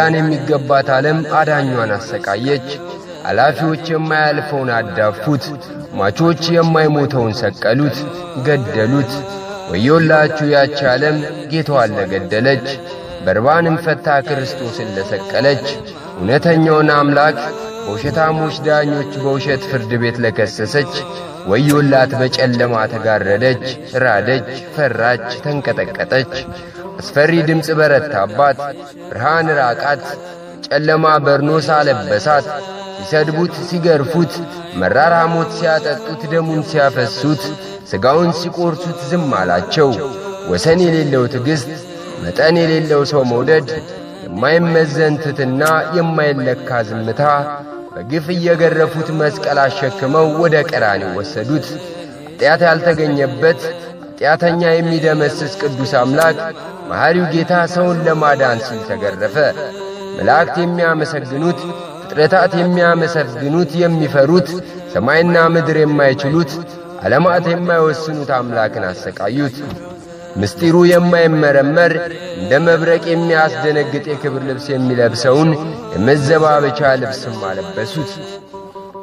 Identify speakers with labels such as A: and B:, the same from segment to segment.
A: ያን የሚገባት ዓለም አዳኟን አሰቃየች። አላፊዎች የማያልፈውን አዳፉት፣ ሟቾች የማይሞተውን ሰቀሉት፣ ገደሉት። ወዮላችሁ ያቺ ዓለም ጌታዋን ለገደለች፣ በርባንም ፈታ ክርስቶስን ለሰቀለች። እውነተኛውን አምላክ በውሸታሞች ዳኞች በውሸት ፍርድ ቤት ለከሰሰች፣ ወዮላት በጨለማ ተጋረደች፣ ራደች፣ ፈራች፣ ተንቀጠቀጠች። አስፈሪ ድምፅ በረታባት፣ ብርሃን ራቃት፣ ጨለማ በርኖስ አለበሳት። ሲሰድቡት፣ ሲገርፉት፣ መራራ ሞት ሲያጠጡት፣ ደሙን ሲያፈሱት፣ ሥጋውን ሲቆርሱት ዝም አላቸው። ወሰን የሌለው ትዕግሥት፣ መጠን የሌለው ሰው መውደድ፣ የማይመዘን የማይለካ ዝምታ በግፍ እየገረፉት መስቀል አሸክመው ወደ ቀራኔው ወሰዱት። ኃጢአት ያልተገኘበት ጢአተኛ የሚደመስስ ቅዱስ አምላክ መሐሪው ጌታ ሰውን ለማዳን ሲል ተገረፈ። መላእክት የሚያመሰግኑት፣ ፍጥረታት የሚያመሰግኑት፣ የሚፈሩት፣ ሰማይና ምድር የማይችሉት፣ ዓለማት የማይወስኑት አምላክን አሰቃዩት። ምስጢሩ የማይመረመር እንደ መብረቅ የሚያስደነግጥ የክብር ልብስ የሚለብሰውን የመዘባበቻ ልብስም አለበሱት።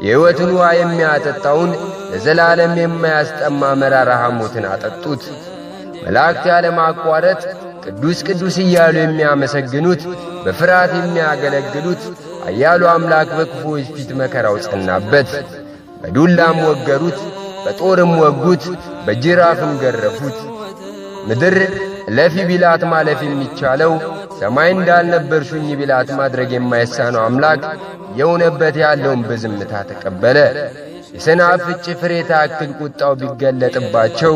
A: የሕይወትን ውሃ የሚያጠጣውን ለዘላለም የማያስጠማ መራራ ሐሞትን አጠጡት። መላእክት ያለማቋረጥ ቅዱስ ቅዱስ እያሉ የሚያመሰግኑት በፍርሃት የሚያገለግሉት አያሉ አምላክ በክፉዎች ፊት መከራው ጸናበት። በዱላም ወገሩት፣ በጦርም ወጉት፣ በጅራፍም ገረፉት። ምድር ለፊ ቢላት ማለፍ የሚቻለው ሰማይ እንዳልነበርሽኝ ቢላት ማድረግ የማይሳነው አምላክ የውነበት ያለውን በዝምታ ተቀበለ። የሰናፍጭ ፍሬ ታክል ቁጣው ቢገለጥባቸው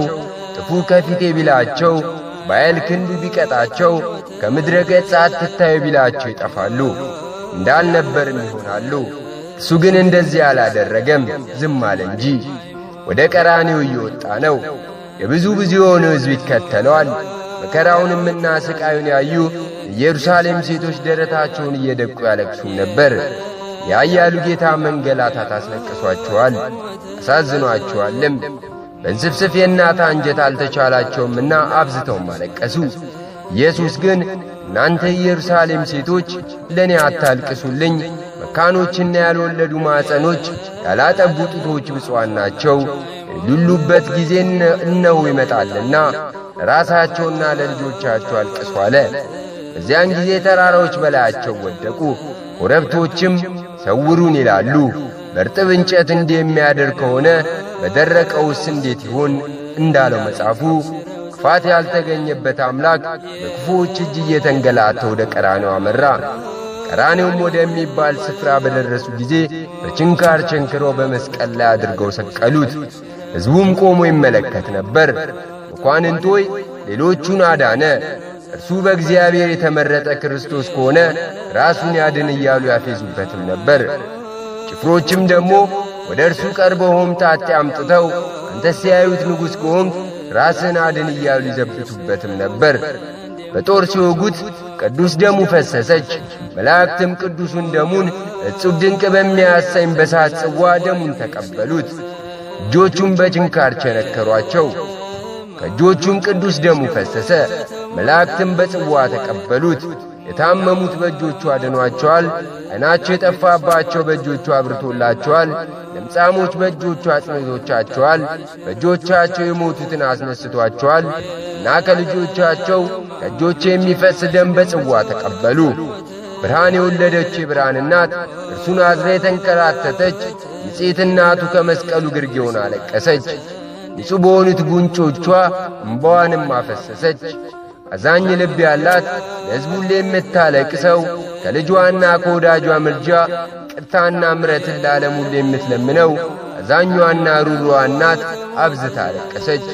A: ጥፉ ከፊቴ ቢላቸው ባይል ክንዱ ቢቀጣቸው ከምድረ ገጽ አትታዩ ቢላቸው ይጠፋሉ፣ እንዳልነበርም ይሆናሉ። እሱ ግን እንደዚህ አላደረገም፣ ዝም አለ እንጂ። ወደ ቀራኔው እየወጣ ነው። የብዙ ብዙ የሆኑ ሕዝብ ይከተለዋል። መከራውንምና ሥቃዩን ያዩ ኢየሩሳሌም ሴቶች ደረታቸውን እየደቁ ያለቅሱም ነበር። ያያሉ ጌታ መንገላታት አስለቅሷቸዋል፣ አሳዝኗቸዋልም። በንስፍስፍ የእናት አንጀት አልተቻላቸውምና አብዝተውም አለቀሱ። ኢየሱስ ግን እናንተ ኢየሩሳሌም ሴቶች ለእኔ አታልቅሱልኝ፣ መካኖችና ያልወለዱ ማዕፀኖች ያላጠቡ ጡቶች ብፁዓን ናቸው፣ የሉሉበት ጊዜ እነሆ ይመጣልና ለራሳቸውና ለልጆቻቸው አልቅሱ አለ። በዚያን ጊዜ ተራራዎች በላያቸው ወደቁ፣ ኮረብቶችም ሰውሩን ይላሉ። በርጥብ እንጨት እንደሚያደር ከሆነ በደረቀውስ እንዴት ይሆን እንዳለው መጽሐፉ ክፋት ያልተገኘበት አምላክ በክፉዎች እጅ እየተንገላተ ወደ ቀራኔው አመራ። ቀራኔውም ወደሚባል ስፍራ በደረሱ ጊዜ በችንካር ቸንክረው በመስቀል ላይ አድርገው ሰቀሉት። ሕዝቡም ቆሞ ይመለከት ነበር። መኳንንት ሆይ ሌሎቹን አዳነ እርሱ በእግዚአብሔር የተመረጠ ክርስቶስ ከሆነ ራሱን ያድን እያሉ ያፌዙበትም ነበር። ጭፍሮችም ደግሞ ወደ እርሱ ቀርበው ሆምጣጤ አምጥተው አንተ ሲያዩት ንጉሥ ከሆንክ ራስን አድን እያሉ ይዘብቱበትም ነበር። በጦር ሲወጉት ቅዱስ ደሙ ፈሰሰች። መላእክትም ቅዱሱን ደሙን እጹብ ድንቅ በሚያሰኝ በሳት ጽዋ ደሙን ተቀበሉት። እጆቹም በጭንካር ቸነከሯቸው። ከእጆቹም ቅዱስ ደሙ ፈሰሰ። መላእክትም በጽዋ ተቀበሉት። የታመሙት በእጆቹ አድኗቸዋል። ዓይናቸው የጠፋባቸው በእጆቹ አብርቶላቸዋል። ለምጻሞች በእጆቹ አጽንቶቻቸዋል። በእጆቻቸው የሞቱትን አስነስቶአቸዋል እና ከልጆቻቸው ከእጆቼ የሚፈስ ደም በጽዋ ተቀበሉ። ብርሃን የወለደች የብርሃን እናት እርሱን አዝራ የተንከራተተች ንጽሕት እናቱ ከመስቀሉ ግርጌውን አለቀሰች። ንጹሕ በሆኑት ጉንጮቿ እምባዋንም አፈሰሰች። አዛኝ ልብ ያላት ለሕዝቡ ሁሌ የምታለቅሰው ከልጇና ከወዳጇ ምልጃ ቅርታና ምረትን ለዓለሙ ሁሌ የምትለምነው አዛኟና ሩሯ እናት አብዝታ አለቀሰች።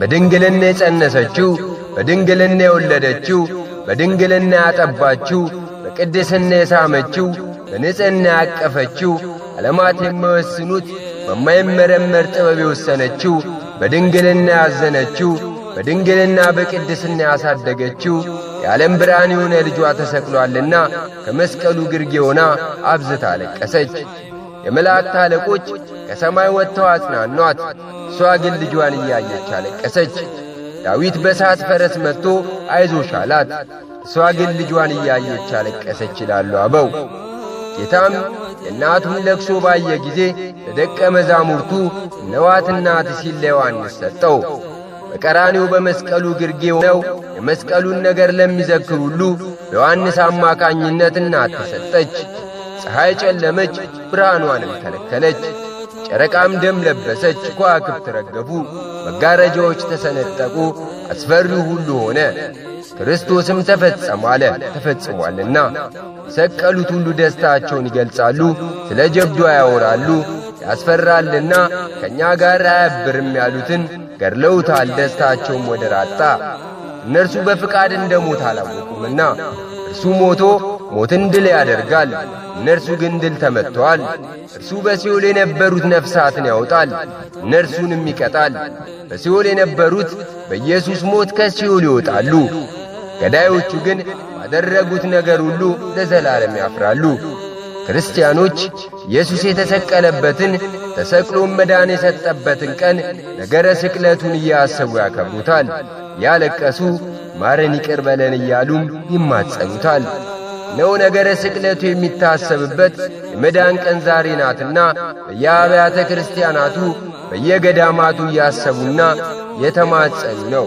A: በድንግልና የጸነሰችው፣ በድንግልና የወለደችው፣ በድንግልና ያጠባችው፣ በቅድስና የሳመችው፣ በንጽሕና ያቀፈችው፣ ዓለማት የማይወስኑት በማይመረመር ጥበብ የወሰነችው፣ በድንግልና ያዘነችው በድንግልና በቅድስና ያሳደገችው የዓለም ብርሃን የሆነ ልጇ ተሰቅሏልና ከመስቀሉ ግርጌ ሆና አብዝታ አለቀሰች። የመላእክት አለቆች ከሰማይ ወጥተው አጽናኗት። እሷ ግን ልጇን እያየች አለቀሰች። ዳዊት በሰዓት ፈረስ መጥቶ አይዞሽ አላት። እሷ ግን ልጇን እያየች አለቀሰች ይላሉ አበው። ጌታም የእናቱን ለቅሶ ባየ ጊዜ ለደቀ መዛሙርቱ እነዋት እናት ሲል ለዮሐንስ ሰጠው። በቀራኔው በመስቀሉ ግርጌ ሆነው የመስቀሉን ነገር ለሚዘክር ሁሉ በዮሐንስ አማካኝነት እናት ተሰጠች። ፀሐይ ጨለመች፣ ብርሃኗንም ከለከለች። ጨረቃም ደም ለበሰች፣ ከዋክብት ረገፉ፣ መጋረጃዎች ተሰነጠቁ፣ አስፈሪው ሁሉ ሆነ። ክርስቶስም ተፈጸመ አለ ተፈጽሟልና። የሰቀሉት ሁሉ ደስታቸውን ይገልጻሉ፣ ስለ ጀብዷ ያወራሉ። ያስፈራልና ከእኛ ጋር አያብርም ያሉትን ገድለውታል። ደስታቸውም ወደ ራጣ እነርሱ በፍቃድ እንደ ሞት አላወቁምና እርሱ ሞቶ ሞትን ድል ያደርጋል። እነርሱ ግን ድል ተመቷል እርሱ በሲኦል የነበሩት ነፍሳትን ያወጣል፣ እነርሱንም ይቀጣል። በሲኦል የነበሩት በኢየሱስ ሞት ከሲኦል ይወጣሉ። ገዳዮቹ ግን ባደረጉት ነገር ሁሉ ለዘላለም ያፍራሉ። ክርስቲያኖች ኢየሱስ የተሰቀለበትን ተሰቅሎም መዳን የሰጠበትን ቀን ነገረ ስቅለቱን እያሰቡ ያከብሩታል። ያለቀሱ ማረን ይቅር በለን እያሉም ይማጸኑታል። ነው ነገረ ስቅለቱ የሚታሰብበት የመዳን ቀን ዛሬ ናትና በየአብያተ ክርስቲያናቱ በየገዳማቱ እያሰቡና የተማጸኑ ነው።